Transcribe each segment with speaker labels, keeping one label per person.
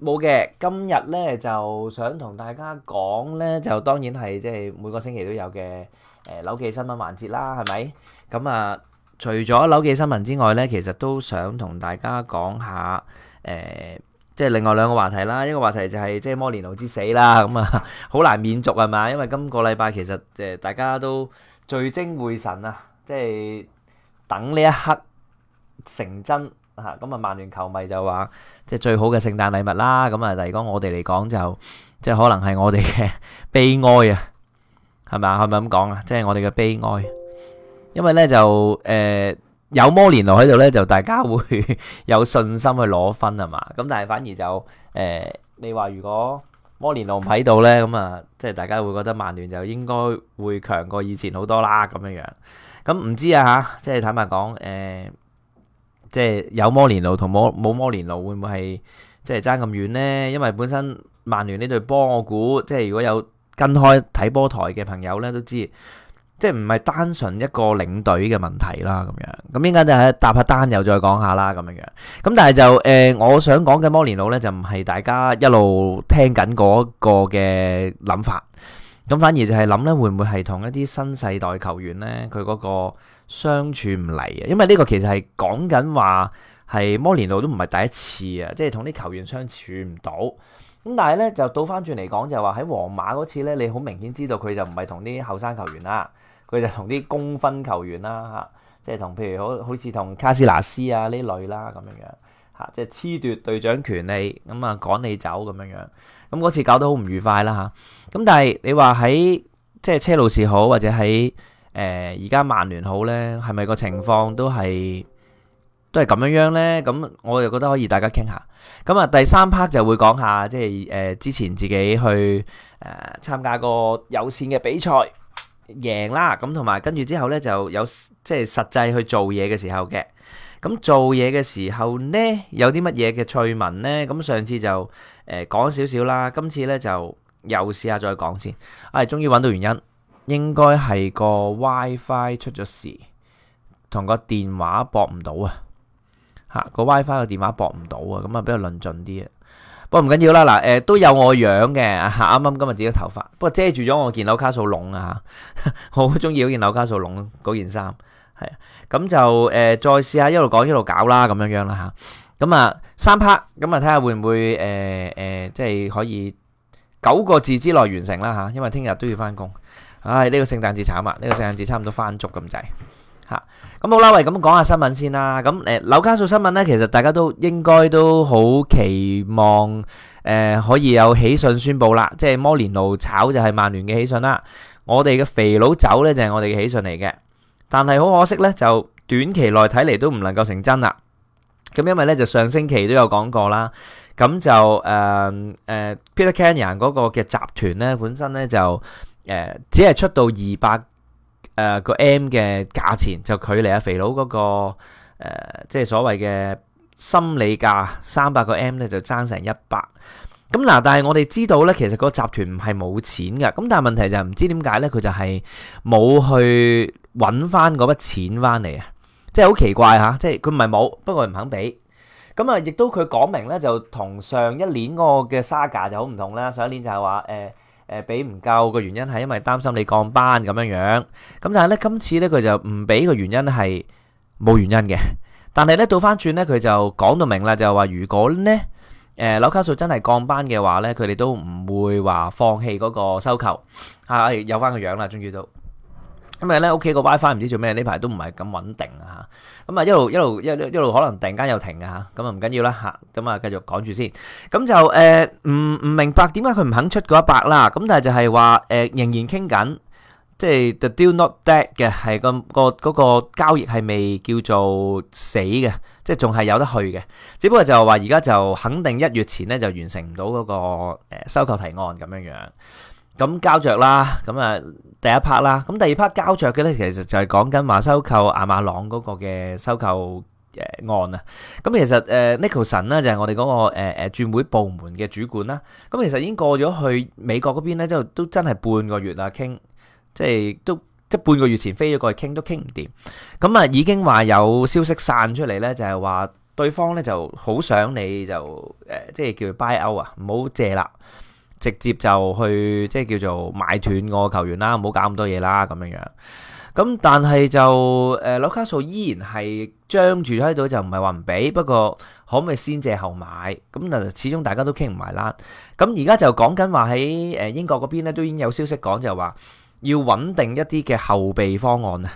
Speaker 1: 冇嘅，今日咧就想同大家講咧，就當然係即係每個星期都有嘅誒紐記新聞環節啦，係咪？咁啊，除咗紐記新聞之外咧，其實都想同大家講下誒、呃，即係另外兩個話題啦。一個話題就係、是、即係摩連奴之死啦，咁啊好難免俗係嘛，因為今個禮拜其實誒、呃、大家都聚精會神啊，即係等呢一刻成真。吓，咁啊，曼聯球迷就話，即係最好嘅聖誕禮物啦。咁啊，嚟講我哋嚟講就，即係可能係我哋嘅悲哀啊，係咪啊？係咪咁講啊？即係我哋嘅悲哀，因為咧就誒有摩連奴喺度咧，就大家會有信心去攞分啊嘛。咁但係反而就誒，你話如果摩連奴唔喺度咧，咁啊，即係大家會覺得曼聯就應該會強過以前好多啦咁樣樣。咁唔知啊吓，即係坦白講誒。即係有摩連奴同冇冇摩連奴會唔會係即係爭咁遠呢？因為本身曼聯呢隊波，我估即係如果有跟開睇波台嘅朋友咧，都知即係唔係單純一個領隊嘅問題啦。咁樣咁應該就係搭下單又再講下啦。咁樣樣咁但係就誒、呃，我想講嘅摩連奴咧就唔係大家一路聽緊嗰個嘅諗法。咁反而就係諗咧，會唔會係同一啲新世代球員咧？佢嗰個相處唔嚟啊！因為呢個其實係講緊話係摩連奴都唔係第一次啊，即係同啲球員相處唔到。咁但係咧，就倒翻轉嚟講，就係話喺皇馬嗰次咧，你好明顯知道佢就唔係同啲後生球員啦，佢就同啲功勛球員啦嚇，即係同譬如好好似同卡斯拿斯啊呢類啦咁樣樣嚇，即係褫奪隊長權利，咁啊趕你走咁樣樣，咁嗰次搞得好唔愉快啦嚇。咁但係你話喺即係車路士好，或者喺誒而家曼聯好咧，係咪個情況都係都係咁樣樣咧？咁我就覺得可以大家傾下。咁啊，第三 part 就會講下即係誒、呃、之前自己去誒、呃、參加過有線嘅比賽贏啦。咁同埋跟住之後咧就有即係實際去做嘢嘅時候嘅。咁做嘢嘅時候呢，有啲乜嘢嘅趣聞咧？咁上次就誒、呃、講少少啦，今次咧就。又試下再講先，啊，終於揾到原因，應該係個 WiFi 出咗事，同個電話駁唔到啊！嚇，個 WiFi 個電話駁唔到啊，咁啊比較論盡啲啊。不過唔緊要啦，嗱，誒都有我樣嘅嚇，啱啱今日自己頭髮，不過遮住咗我件紐卡素龍啊，我好中意嗰件紐卡素龍嗰件衫，係啊，咁就誒再試下一路講一路搞啦，咁樣樣啦嚇，咁啊三 part，咁啊睇下會唔會誒誒，即係可以。九個字之內完成啦嚇，因為聽日都要翻工。唉，呢個聖誕節慘啊！呢個聖誕節差唔多翻足咁滯嚇。咁好啦，喂，咁講下新聞先啦。咁誒紐卡素新聞咧，其實大家都應該都好期望誒可以有喜訊宣布啦。即係摩連奴炒就係曼聯嘅喜訊啦。我哋嘅肥佬走咧就係我哋嘅喜訊嚟嘅。但係好可惜咧，就短期內睇嚟都唔能夠成真啦。咁因為咧就上星期都有講過啦。咁就誒誒、uh, uh, Peter Kenyon 嗰個嘅集團咧，本身咧就誒、uh, 只係出到二百誒個 M 嘅價錢，就距離阿、啊、肥佬嗰、那個、uh, 即係所謂嘅心理價三百個 M 咧，就爭成一百。咁嗱，但係我哋知道咧，其實嗰個集團唔係冇錢㗎。咁但係問題就係唔知點解咧，佢就係冇去揾翻嗰筆錢翻嚟啊！即係好奇怪嚇，即係佢唔係冇，不過唔肯俾。咁啊，亦都佢講明咧，就同上一年個嘅 Saga 就好唔同啦。上一年就係話誒誒俾唔夠嘅原因係因為擔心你降班咁樣樣。咁但係咧，今次咧佢就唔俾個原因係冇原因嘅。但係咧倒翻轉咧，佢就講到明啦，就係話如果咧誒紐卡素真係降班嘅話咧，佢哋都唔會話放棄嗰個收購係、啊、有翻個樣啦，終於都。咁啊咧屋企個 WiFi 唔知做咩呢排都唔係咁穩定啊嚇！咁啊一路一路一一路可能突然間又停嘅嚇，咁啊唔緊要啦嚇，咁啊繼續講住先。咁就誒唔唔明白點解佢唔肯出嗰一百啦？咁但係就係話誒仍然傾緊，即係 the deal not dead 嘅係個個嗰個交易係未叫做死嘅，即係仲係有得去嘅。只不過就係話而家就肯定一月前咧就完成唔到嗰個誒收購提案咁樣樣。咁交着啦，咁啊第一 part 啦，咁第二 part 交着嘅咧，其實就係講緊話收購阿馬朗嗰個嘅收購誒、呃、案啊。咁其實誒、呃、Nicholson 咧就係我哋嗰、那個誒誒轉會部門嘅主管啦。咁其實已經過咗去美國嗰邊咧，就都真係半個月啦，傾即係都即係半個月前飛咗過去傾，都傾唔掂。咁啊已經話有消息散出嚟咧，就係、是、話對方咧就好想你就誒、呃，即係叫佢 buy out 啊，唔好借啦。直接就去即係叫做買斷個球員啦，唔好搞咁多嘢啦，咁樣樣。咁但係就誒，紐卡素依然係張住喺度，就唔係話唔俾，不過可唔可以先借後買？咁但，始終大家都傾唔埋啦。咁而家就講緊話喺誒英國嗰邊咧，都已經有消息講就係話要穩定一啲嘅後備方案啊，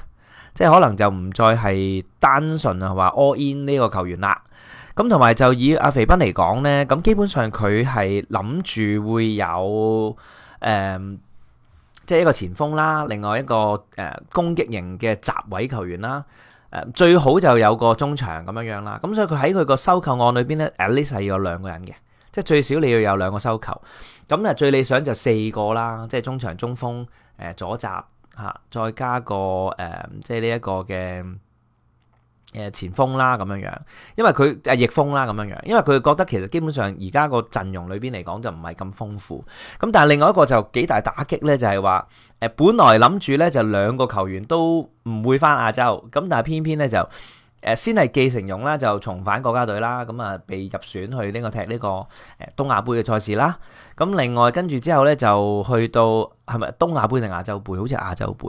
Speaker 1: 即係可能就唔再係單純啊話 all in 呢個球員啦。咁同埋就以阿肥斌嚟講咧，咁基本上佢係諗住會有誒，即、呃、係、就是、一個前鋒啦，另外一個誒、呃、攻擊型嘅閘位球員啦，誒、呃、最好就有個中場咁樣樣啦。咁、嗯、所以佢喺佢個收購案裏邊咧，at least 係要有兩個人嘅，即係最少你要有兩個收購。咁咧最理想就四個啦，即係中場中、中、呃、鋒、誒左閘嚇，再加個誒即係呢一個嘅。呃就是誒前鋒啦咁樣樣，因為佢誒翼鋒啦咁樣樣，因為佢覺得其實基本上而家個陣容裏邊嚟講就唔係咁豐富，咁但係另外一個就幾大打擊咧，就係話誒，本來諗住咧就兩個球員都唔會返亞洲，咁但係偏偏咧就。誒先係繼承勇啦，就重返國家隊啦，咁啊被入選去呢個踢呢個誒東亞杯嘅賽事啦。咁另外跟住之後咧，就去到係咪東亞杯定亞洲杯？好似亞洲杯。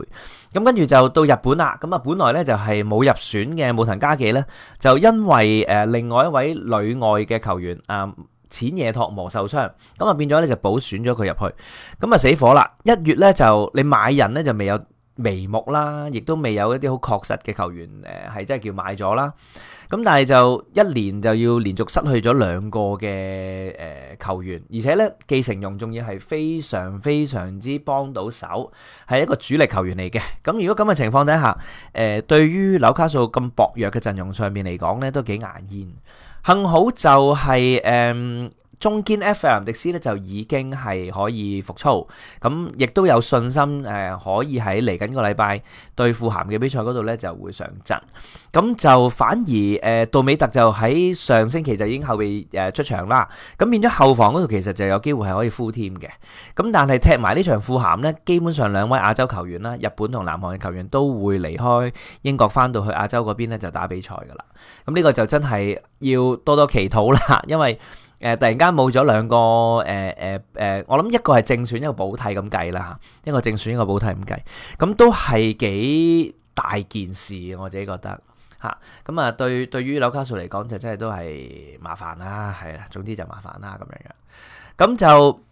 Speaker 1: 咁跟住就到日本啦。咁啊，本來咧就係冇入選嘅武藤家紀武藤嘉紀咧，就因為誒另外一位海外嘅球員啊淺野拓磨受傷，咁啊變咗咧就補選咗佢入去。咁啊死火啦！一月咧就你買人咧就未有。眉目啦，亦都未有一啲好確實嘅球員誒，係真係叫買咗啦。咁但係就一年就要連續失去咗兩個嘅誒、呃、球員，而且呢，繼承用仲要係非常非常之幫到手，係一個主力球員嚟嘅。咁、呃、如果咁嘅情況底下，誒、呃、對於紐卡素咁薄弱嘅陣容上面嚟講呢都幾牙煙。幸好就係、是、誒。呃中堅 F.M. 迪斯呢，就已經係可以復操，咁亦都有信心誒，可以喺嚟緊個禮拜對富鹹嘅比賽嗰度呢，就會上陣。咁就反而誒杜美特就喺上星期就已經後備誒出場啦。咁變咗後防嗰度其實就有機會係可以呼添嘅。咁但係踢埋呢場富鹹呢，基本上兩位亞洲球員啦，日本同南韓嘅球員都會離開英國返到去亞洲嗰邊咧就打比賽噶啦。咁、這、呢個就真係要多多祈禱啦，因為，誒突然間冇咗兩個誒誒誒，我諗一個係正選，一個補替咁計啦嚇，一個正選，一個補替咁計，咁都係幾大件事，我自己覺得嚇，咁啊對對於紐卡素嚟講就真係都係麻煩啦，係啦，總之就麻煩啦咁樣樣，咁就。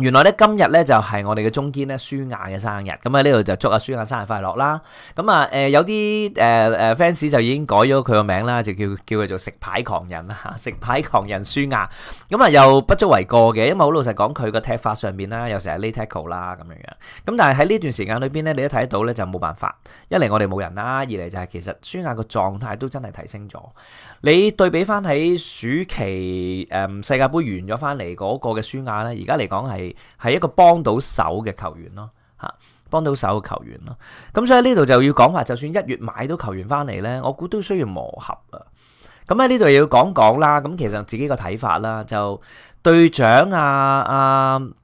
Speaker 1: 原來咧今日咧就係、是、我哋嘅中堅咧舒雅嘅生日，咁喺呢度就祝阿舒雅生日快樂啦！咁啊誒有啲誒誒 fans 就已經改咗佢個名啦，就叫叫佢做食牌狂人啦，食牌狂人舒雅，咁、嗯、啊、嗯、又不足為過嘅，因為好老實講佢個踢法上邊啦，有時係 late tackle 啦咁樣樣，咁、嗯、但係喺呢段時間裏邊咧，你都睇得到咧就冇辦法，一嚟我哋冇人啦，二嚟就係其實舒雅個狀態都真係提升咗。你對比翻喺暑期誒、嗯、世界盃完咗翻嚟嗰個嘅舒亞咧，而家嚟講係係一個幫到手嘅球員咯，嚇幫到手嘅球員咯。咁所以呢度就要講話，就算一月買到球員翻嚟咧，我估都需要磨合啊。咁喺呢度要講講啦。咁其實自己個睇法啦，就隊長啊啊～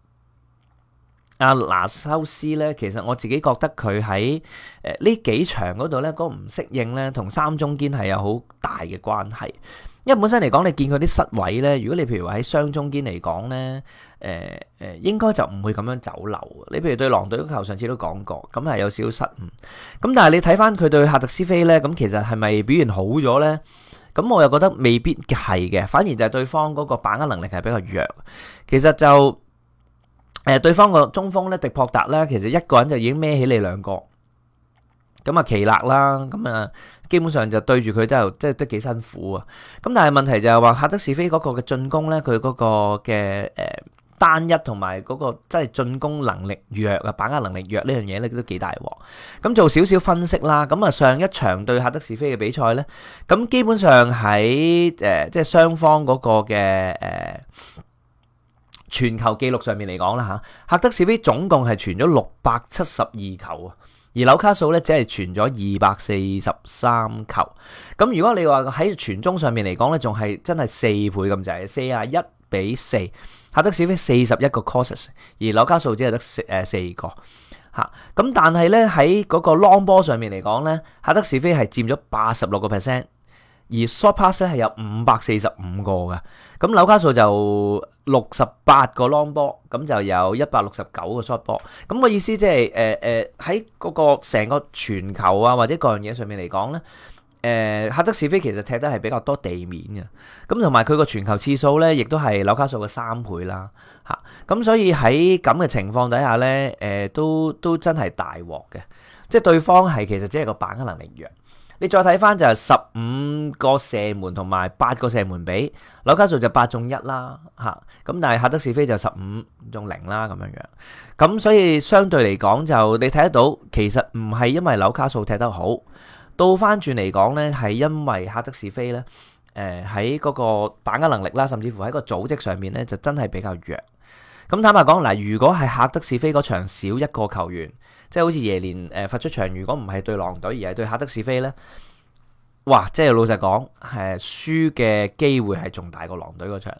Speaker 1: 阿拿修斯咧，其實我自己覺得佢喺誒呢幾場嗰度咧，嗰個唔適應咧，同三中堅係有好大嘅關係。因為本身嚟講，你見佢啲失位咧，如果你譬如話喺雙中堅嚟講咧，誒誒應該就唔會咁樣走漏。你譬如對狼隊嗰球，上次都講過，咁係有少少失誤。咁但係你睇翻佢對哈特斯菲咧，咁其實係咪表現好咗咧？咁我又覺得未必係嘅，反而就係對方嗰個把握能力係比較弱。其實就。誒對方個中鋒咧，迪柏達咧，其實一個人就已經孭起你兩個，咁啊奇勒啦，咁啊基本上就對住佢就即係都幾辛苦啊。咁但係問題就係話，夏德士菲嗰個嘅進攻咧，佢嗰個嘅誒單一同埋嗰個即係進攻能力弱啊，把握能力弱呢樣嘢咧都幾大鑊。咁做少少分析啦，咁啊上一場對夏德士菲嘅比賽咧，咁基本上喺誒即係雙方嗰個嘅誒。全球記錄上面嚟講啦嚇，哈德士飛總共係傳咗六百七十二球啊，而紐卡素咧只係傳咗二百四十三球。咁如果你話喺傳中上面嚟講咧，仲係真係四倍咁滯，係四啊，一比四，哈德士飛四十一個 cross 而紐卡素只係得四四個嚇。咁但係咧喺嗰個 long 波上面嚟講咧，哈德士飛係佔咗八十六個 percent。而 short pass 咧係有五百四十五個嘅，咁紐卡素就六十八個 long ball，咁就有一百六十九個 short ball。咁個意思即係誒誒喺嗰個成個全球啊或者各樣嘢上面嚟講咧，誒、呃、赫德士菲其實踢得係比較多地面嘅，咁同埋佢個全球次數咧亦都係紐卡素嘅三倍啦，嚇。咁所以喺咁嘅情況底下咧，誒、呃、都都真係大鑊嘅，即係對方係其實只係個把握能力弱。你再睇翻就係十五個射門同埋八個射門比，紐卡素就八中一啦吓，咁但係哈德斯菲就十五中零啦咁樣樣，咁所以相對嚟講就你睇得到，其實唔係因為紐卡素踢得好，倒翻轉嚟講咧係因為哈德斯菲咧，誒喺嗰個把握能力啦，甚至乎喺個組織上面咧就真係比較弱。咁坦白講，嗱，如果係哈德斯菲嗰場少一個球員，即係好似耶連誒罰出場，如果唔係對狼隊而係對哈德斯菲呢？哇！即係老實講，係輸嘅機會係仲大過狼隊嗰場。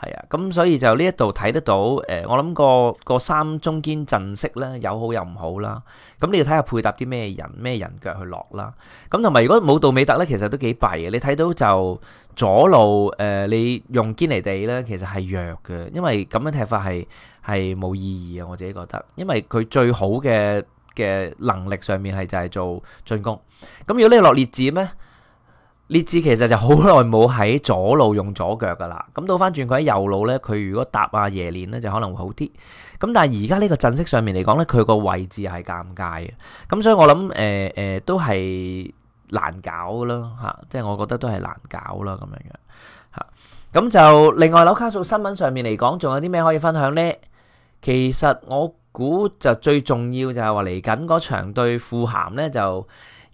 Speaker 1: 係啊，咁、嗯、所以就呢一度睇得到，誒、呃，我諗個個三中堅陣式咧，有好有唔好啦。咁、嗯、你要睇下配搭啲咩人，咩人腳去落啦。咁同埋如果冇到美特咧，其實都幾弊嘅。你睇到就左路誒、呃，你用堅尼地咧，其實係弱嘅，因為咁樣踢法係係冇意義嘅。我自己覺得，因為佢最好嘅嘅能力上面係就係做進攻。咁、嗯、如果你落列治咩？列治其實就好耐冇喺左路用左腳噶啦，咁到返轉佢喺右路咧，佢如果搭啊耶連咧就可能會好啲。咁但係而家呢個陣式上面嚟講咧，佢個位置係尷尬嘅，咁所以我諗誒誒都係難搞咯嚇，即係我覺得都係難搞啦咁樣樣嚇。咁就另外紐卡素新聞上面嚟講，仲有啲咩可以分享咧？其實我估就最重要就係話嚟緊嗰場對富咸咧就。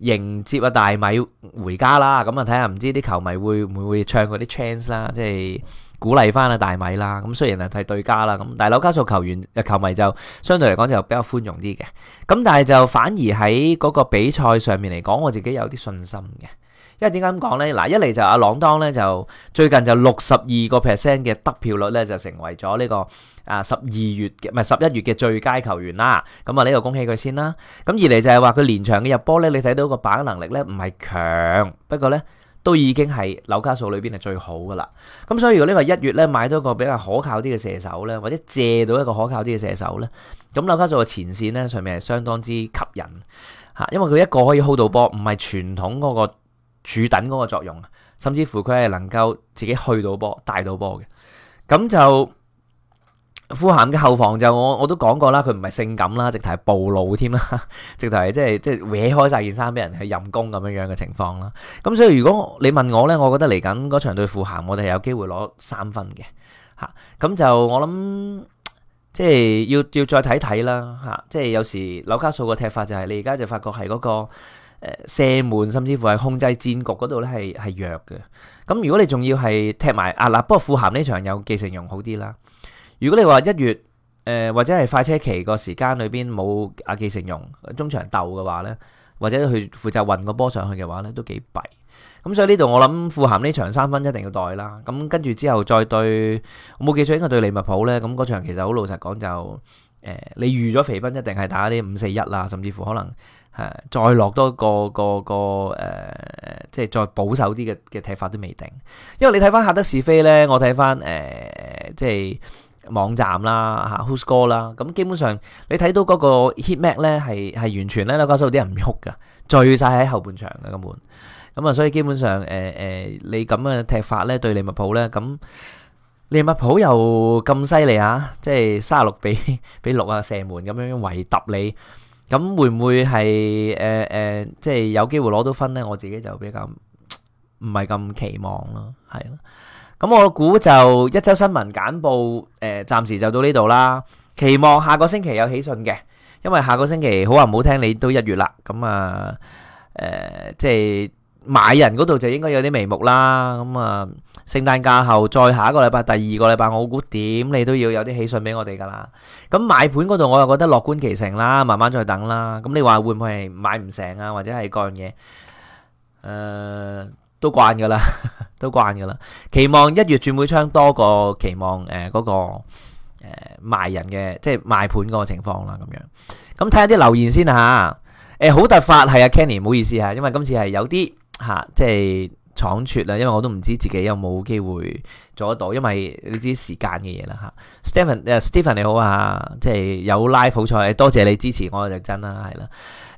Speaker 1: 迎接啊大米回家啦，咁啊睇下唔知啲球迷會唔會唱嗰啲 chants 啦，即係鼓勵翻啊大米啦。咁雖然係對家啦，咁但係紐卡素球員、球迷就相對嚟講就比較寬容啲嘅。咁但係就反而喺嗰個比賽上面嚟講，我自己有啲信心嘅。因為點解咁講咧？嗱，一嚟就阿朗當咧就最近就六十二個 percent 嘅得票率咧就成為咗呢、這個啊十二月嘅唔係十一月嘅最佳球員啦。咁啊呢個恭喜佢先啦。咁二嚟就係話佢連場嘅入波咧，你睇到個把握能力咧唔係強，不過咧都已經係紐卡素裏邊係最好噶啦。咁所以如果個呢個一月咧買到一個比較可靠啲嘅射手咧，或者借到一個可靠啲嘅射手咧，咁紐卡素嘅前線咧上面係相當之吸引吓，因為佢一個可以 hold 到波，唔係傳統嗰、那個。主等嗰個作用啊，甚至乎佢係能夠自己去到波、帶到波嘅。咁就富咸嘅後防就我我都講過啦，佢唔係性感啦，直頭係暴露添啦，直頭係即係即係搲開晒件衫俾人去任攻咁樣樣嘅情況啦。咁所以如果你問我咧，我覺得嚟緊嗰場對富咸，我哋係有機會攞三分嘅嚇。咁就我諗即係要要再睇睇啦嚇。即係有時紐卡素個踢法就係、是、你而家就發覺係嗰、那個。誒、呃、射門甚至乎係控制戰局嗰度咧係係弱嘅，咁如果你仲要係踢埋阿嗱，不過富咸呢場有奇成容好啲啦。如果你話一月誒、呃、或者係快車期個時間裏邊冇阿奇成容中場鬥嘅話咧，或者去負責運個波上去嘅話咧都幾弊。咁所以呢度我諗富咸呢場三分一定要袋啦。咁跟住之後再對，我冇記錯應該對利物浦咧，咁嗰場其實好老實講就誒、呃、你預咗肥賓一定係打啲五四一啦，甚至乎可能。係，再落多個個個誒、呃，即係再保守啲嘅嘅踢法都未定，因為你睇翻下得是非咧，我睇翻誒即係網站啦嚇，Who's Go 啦，咁、嗯、基本上你睇到嗰個 heat map 咧，係係完全咧，拉加蘇啲人唔喐噶，聚曬喺後半場嘅根本，咁、嗯、啊，所以基本上誒誒、呃呃，你咁嘅踢法咧對利物浦咧，咁利物浦又咁犀利啊，即係卅六比比六啊，射門咁樣圍揼你。咁會唔會係誒誒，即係有機會攞到分呢，我自己就比較唔係咁期望咯，係咯。咁我估就一周新聞簡報誒、呃，暫時就到呢度啦。期望下個星期有喜訊嘅，因為下個星期好話唔好聽，你都一月啦。咁啊誒、呃，即係。買人嗰度就應該有啲眉目啦，咁啊，聖誕假後再下一個禮拜，第二個禮拜，我估點你都要有啲喜訊俾我哋噶啦。咁買盤嗰度我又覺得樂觀其成啦，慢慢再等啦。咁你話會唔會係買唔成啊？或者係各樣嘢？誒，都慣噶啦，都慣噶啦。期望一月轉會窗多過期望誒嗰個誒賣人嘅，即係賣盤嗰個情況啦。咁樣咁睇下啲留言先吓。誒，好突發係啊，Kenny，唔好意思吓，因為今次係有啲。吓、啊，即係倉卒啦，因為我都唔知自己有冇機會做得到，因為你知時間嘅嘢啦吓。啊、Steven，Steven 你好啊，即係有 Live 好彩，多謝你支持我就是、真啦，係啦。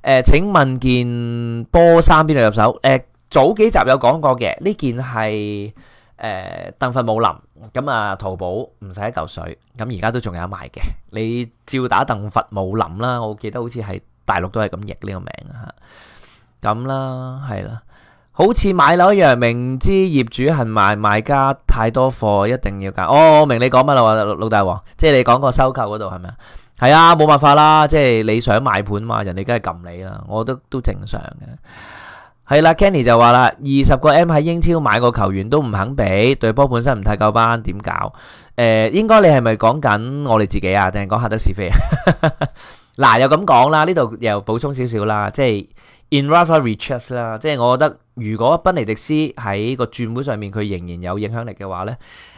Speaker 1: 誒、啊，請問件波衫邊度入手？誒、啊，早幾集有講過嘅，呢件係誒鄧弗姆林，咁啊淘寶唔使一嚿水，咁而家都仲有賣嘅。你照打鄧弗姆林啦，我記得好似係大陸都係咁譯呢個名吓，咁、啊、啦，係啦。好似買樓一樣，明知業主行埋買，買家太多貨，一定要夾、哦。我明你講乜啦，老大王，即係你講個收購嗰度係咪啊？係啊，冇辦法啦，即係你想買盤嘛，人哋梗係撳你啦，我覺得都正常嘅。係啦、啊、Kenny 就話啦，二十個 M 喺英超買個球員都唔肯俾，對波本身唔太夠班，點搞？誒、呃，應該你係咪講緊我哋自己啊？定係講黑德士菲啊？嗱， 又咁講啦，呢度又補充少少，少啦，即係 in rare riches 啦，即係我覺得。如果賓尼迪斯喺個轉會上面，佢仍然有影響力嘅話呢，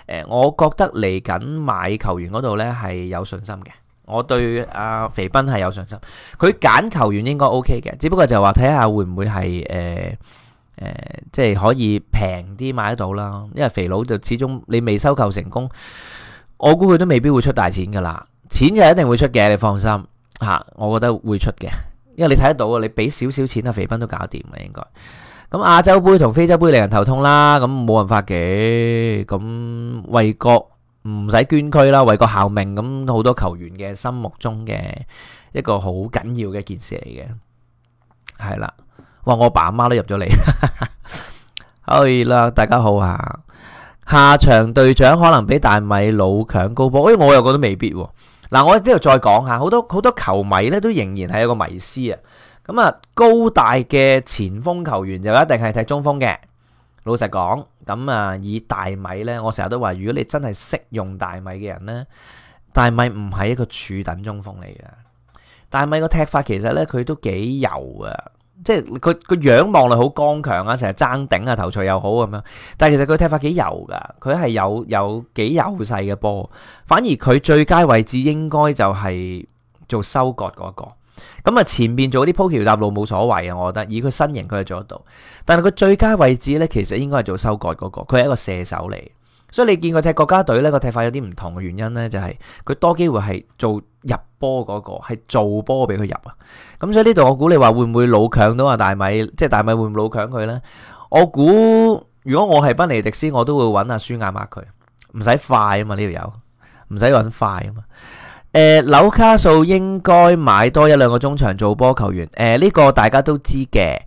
Speaker 1: 誒、呃，我覺得嚟緊買球員嗰度呢係有信心嘅。我對阿、啊、肥斌係有信心，佢揀球員應該 OK 嘅。只不過就話睇下會唔會係誒誒，即、呃、係、呃就是，可以平啲買得到啦。因為肥佬就始終你未收購成功，我估佢都未必會出大錢噶啦。錢就一定會出嘅，你放心吓、啊。我覺得會出嘅，因為你睇得到啊，你俾少少錢啊，肥斌都搞掂嘅，應該。咁亞洲杯同非洲杯令人頭痛啦，咁冇辦法嘅，咁為國唔使捐軀啦，為國效命，咁好多球員嘅心目中嘅一個好緊要嘅一件事嚟嘅，係啦，哇，我爸阿媽都入咗嚟，可以啦，大家好啊，下場隊長可能俾大米佬搶高波，哎，我又覺得未必，嗱，我喺呢度再講下，好多好多球迷咧都仍然係一個迷思啊。咁啊，高大嘅前鋒球員就一定係踢中鋒嘅。老實講，咁啊，以大米咧，我成日都話，如果你真係識用大米嘅人咧，大米唔係一個柱躉中鋒嚟嘅。大米個踢法其實咧，佢都幾柔啊，即係佢個樣望落好剛強啊，成日爭頂啊，頭錘又好咁樣。但係其實佢踢法幾柔噶，佢係有有幾幼細嘅波。反而佢最佳位置應該就係做收割嗰個。咁啊，前邊做啲鋪橋搭路冇所謂啊，我覺得以佢身形佢係做得到，但係佢最佳位置咧，其實應該係做收割嗰個，佢係一個射手嚟，所以你見佢踢國家隊咧，個踢法有啲唔同嘅原因咧，就係佢多機會係做入波嗰個，係做波俾佢入啊，咁所以呢度我估你話會唔會老強到啊？大米即係大米會唔會老強佢咧？我估如果我係賓尼迪斯，我都會揾阿舒亞馬佢，唔使快啊嘛呢度有，唔使揾快啊嘛。誒，紐、呃、卡素應該買多一兩個中場做波球，球員，誒、呃、呢、這個大家都知嘅。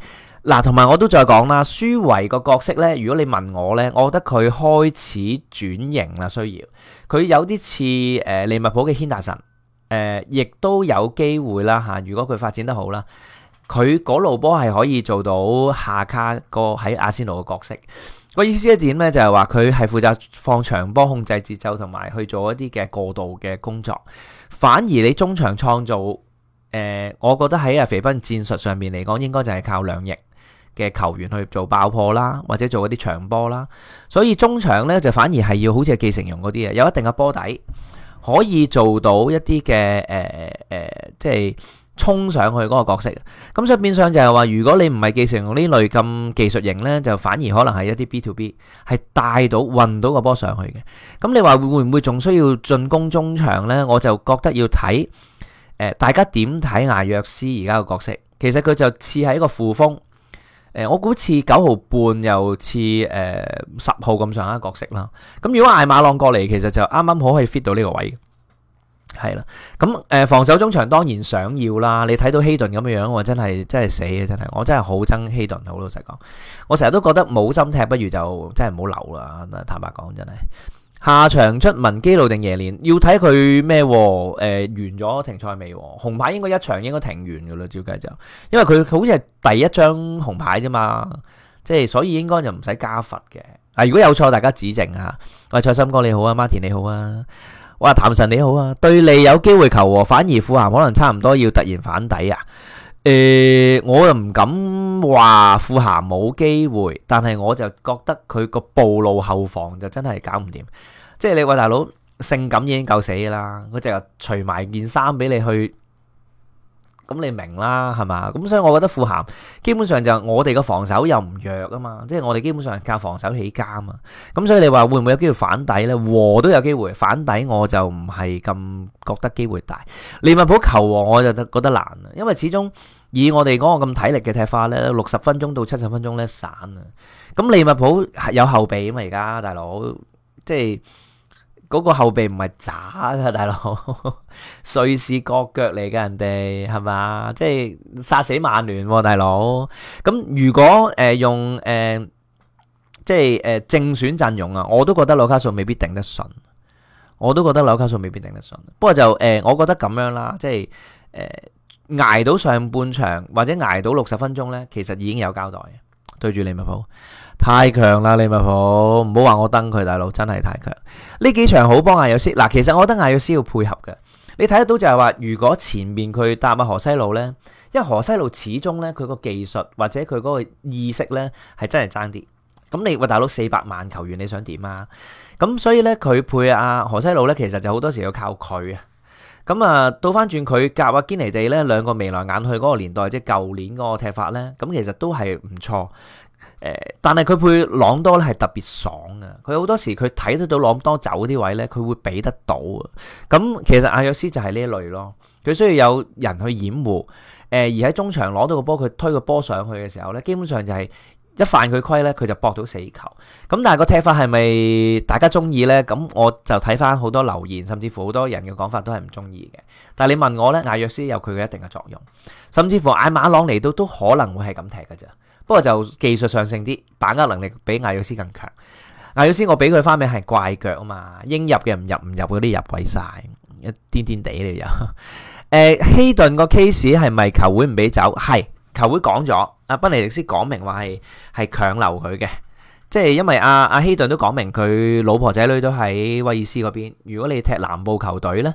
Speaker 1: 嗱、啊，同埋我都再講啦，舒維個角色呢，如果你問我呢，我覺得佢開始轉型啦，需要佢有啲似誒利物浦嘅軒達臣，亦、呃、都有機會啦吓、啊，如果佢發展得好啦，佢嗰路波係可以做到下卡個喺阿仙奴嘅角色。個意思一點咧？就係話佢係負責放長波，控制節奏同埋去做一啲嘅過渡嘅工作。反而你中場創造，誒、呃，我覺得喺阿肥賓戰術上面嚟講，應該就係靠兩翼嘅球員去做爆破啦，或者做一啲長波啦。所以中場咧就反而係要好似係紀成榮嗰啲啊，有一定嘅波底，可以做到一啲嘅誒誒，即係。衝上去嗰個角色，咁所以變相就係話，如果你唔係繼承呢類咁技術型呢，就反而可能係一啲 B to B 係帶到運到個波上去嘅。咁你話會唔會仲需要進攻中場呢？我就覺得要睇、呃、大家點睇艾若斯而家個角色。其實佢就似係一個副鋒、呃，我估似九號半又似誒十號咁上下角色啦。咁如果艾馬朗過嚟，其實就啱啱好可以 fit 到呢個位。係啦，咁誒、呃、防守中場當然想要啦。你睇到希頓咁樣樣，我真係真係死啊！真係我真係好憎希頓，好老實講。我成日都覺得冇心踢，不如就真係唔好留啦。坦白講，真係下場出文基路定夜練，要睇佢咩？誒、呃、完咗停賽未？紅牌應該一場應該停完噶啦，照計就，因為佢好似係第一張紅牌啫嘛。即係所以應該就唔使加罰嘅。啊如果有錯，大家指正吓！喂，蔡心哥你好啊，Martin 你好啊。.哇，譚神你好啊，對你有機會求和，哦，反而富咸可能差唔多要突然反底啊。誒、呃，我又唔敢話富咸冇機會，但係我就覺得佢個暴露後防就真係搞唔掂。即係你話大佬性感已經夠死㗎啦，佢就除埋件衫俾你去。咁你明啦，係嘛？咁所以我覺得富咸基本上就我哋個防守又唔弱啊嘛，即係我哋基本上靠防守起家啊嘛。咁所以你話會唔會有機會反底呢？和都有機會，反底我就唔係咁覺得機會大。利物浦求和我就覺得難啊，因為始終以我哋嗰個咁體力嘅踢法呢，六十分鐘到七十分鐘呢，散啊。咁利物浦有後備啊嘛，而家大佬即係。嗰個後備唔係渣啊，大佬瑞士國腳嚟嘅人哋係嘛？即係殺死曼聯喎，大、呃、佬。咁如果誒用誒即係誒正選陣容啊，我都覺得紐卡素未必頂得順，我都覺得紐卡素未必頂得順。不過就誒、呃，我覺得咁樣啦，即係誒、呃、捱到上半場或者捱到六十分鐘咧，其實已經有交代。對住利物浦太強啦！利物浦唔好話我登佢大佬，真係太強。呢幾場好幫亞亞斯嗱，其實我覺得亞亞斯要配合嘅。你睇得到就係話，如果前面佢搭阿河西路呢，因為河西路始終呢，佢個技術或者佢嗰個意識呢，係真係爭啲。咁你喂大佬四百萬球員你想點啊？咁所以呢，佢配阿河西路呢，其實就好多時要靠佢啊。咁啊，倒翻轉佢夾阿堅尼地咧，兩個眉來眼去嗰個年代，即係舊年嗰個踢法咧，咁其實都係唔錯。誒、呃，但係佢配朗多咧係特別爽嘅，佢好多時佢睇得到朗多走啲位咧，佢會俾得到。啊、嗯。咁其實阿約斯就係呢一類咯，佢需要有人去掩護。誒、呃，而喺中場攞到個波，佢推個波上去嘅時候咧，基本上就係、是。一犯佢規咧，佢就搏到死球。咁但係個踢法係咪大家中意呢？咁我就睇翻好多留言，甚至乎好多人嘅講法都係唔中意嘅。但係你問我呢，艾約斯有佢嘅一定嘅作用，甚至乎艾馬朗嚟到都可能會係咁踢嘅咋。不過就技術上勝啲，把握能力比艾約斯更強。艾約斯我俾佢花名係怪腳啊嘛，應入嘅唔入唔入嗰啲入鬼晒，一顛顛地嚟又。誒、呃、希頓個 case 係咪球會唔俾走？係。球會講咗，阿賓尼迪斯講明話係係強留佢嘅，即係因為阿、啊、阿、啊、希頓都講明佢老婆仔女都喺威爾斯嗰邊。如果你踢南部球隊呢，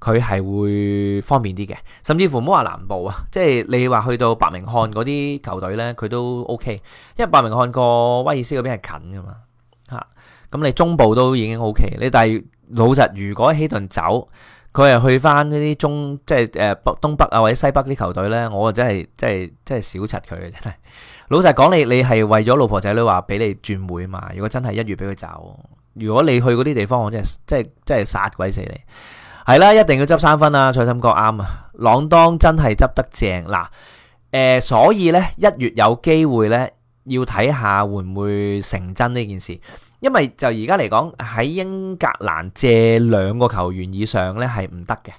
Speaker 1: 佢係會方便啲嘅，甚至乎唔好話南部啊，即係你話去到伯明翰嗰啲球隊呢，佢都 OK，因為伯明翰過威爾斯嗰邊係近噶嘛，嚇，咁你中部都已經 OK，你但係老實，如果希頓走，佢係去翻呢啲中，即係誒北東北啊，或者西北啲球隊呢，我就真係真係真係少柒佢真係。老實講，你你係為咗老婆仔女話俾你轉會嘛？如果真係一月俾佢走，如果你去嗰啲地方，我真係真係真係殺鬼死你！係啦，一定要執三分啊！蔡心哥啱啊，朗當真係執得正嗱誒、呃，所以呢，一月有機會呢，要睇下會唔會成真呢件事。因為就而家嚟講，喺英格蘭借兩個球員以上咧係唔得嘅，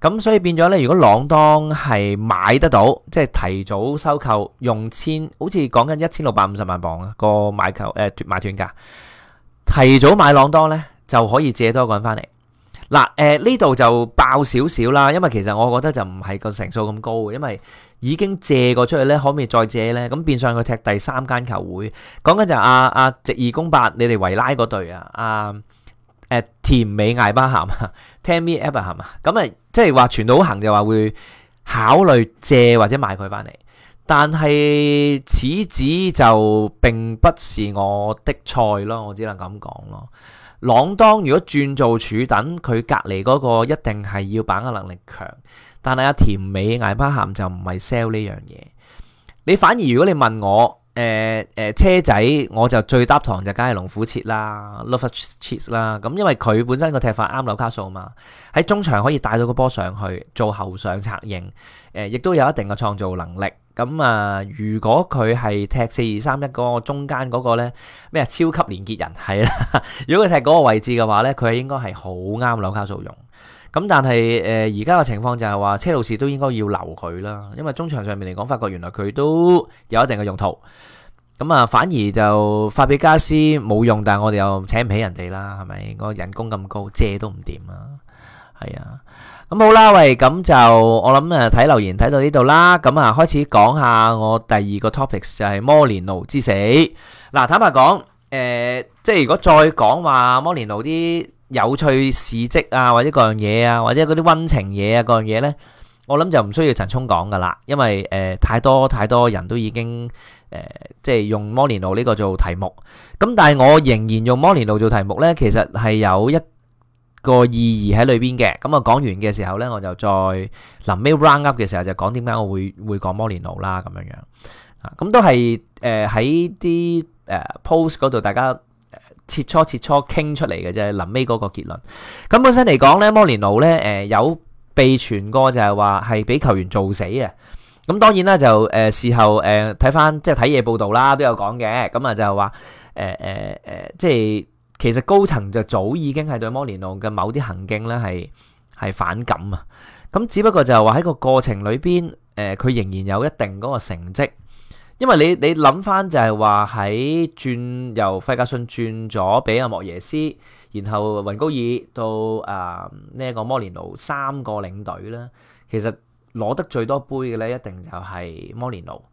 Speaker 1: 咁所以變咗咧，如果朗當係買得到，即係提早收購用千，好似講緊一千六百五十萬鎊個買球誒、呃、買斷價，提早買朗當咧就可以借多個人翻嚟嗱誒，呢度就爆少少啦，因為其實我覺得就唔係個成數咁高嘅，因為。已經借過出去咧，可唔可以再借咧？咁變相佢踢第三間球會，講緊就係阿阿直二公八，你哋維拉嗰隊啊，阿、啊、誒田尾艾巴咸，Tammy Abraham 啊。係嘛？咁啊，即係話傳到好行就話會考慮借或者買佢翻嚟，但係此子就並不是我的菜咯，我只能咁講咯。朗當如果轉做柱等，佢隔離嗰個一定係要把握能力強。但係啊，甜味艾巴咸就唔係 sell 呢樣嘢。你反而如果你問我，誒、呃、誒、呃、車仔，我就最搭堂就梗係龍虎切啦 Loftus-Cheek 啦。咁、嗯、因為佢本身個踢法啱紐卡素嘛，喺中場可以帶到個波上去做後上策應。誒、呃，亦都有一定嘅創造能力。咁、嗯、啊、呃，如果佢係踢四二三一個中間嗰個咧，咩啊超級連結人係啦。 如果佢踢嗰個位置嘅話咧，佢應該係好啱紐卡素用。咁但係誒而家嘅情況就係話車路士都應該要留佢啦，因為中場上面嚟講，發覺原來佢都有一定嘅用途。咁啊，反而就法比加斯冇用，但係我哋又請唔起人哋啦，係咪？我人工咁高，借都唔掂啊，係啊。咁好啦，喂，咁就我諗誒睇留言睇到呢度啦，咁啊開始講下我第二個 topics 就係摩連奴之死。嗱，坦白講，誒，即係如果再講話摩連奴啲。有趣事跡啊，或者各樣嘢啊，或者嗰啲溫情嘢啊，各樣嘢呢，我諗就唔需要陳沖講噶啦，因為誒、呃、太多太多人都已經誒、呃、即係用摩連奴呢個做題目，咁但係我仍然用摩連奴做題目呢，其實係有一個意義喺裡邊嘅。咁、嗯、啊講完嘅時候呢，我就再臨尾 round up 嘅時候就講點解我會會講摩連奴啦，咁樣樣啊，咁、嗯、都係誒喺啲誒 post 嗰度大家。切磋切磋傾出嚟嘅啫，臨尾嗰個結論。咁本身嚟講咧，摩連奴咧，誒、呃、有被傳過就係話係俾球員做死嘅。咁當然啦，就誒、呃、事後誒睇翻即係睇嘢報道啦，都有講嘅。咁啊就係話誒誒誒，即係其實高層就早已經係對摩連奴嘅某啲行徑咧係係反感啊。咁只不過就係話喺個過程裏邊，誒、呃、佢仍然有一定嗰個成績。因為你你諗翻就係話喺轉由費格遜轉咗俾阿莫耶斯，然後雲高爾到誒呢一個摩連奴三個領隊咧，其實攞得最多杯嘅咧，一定就係摩連奴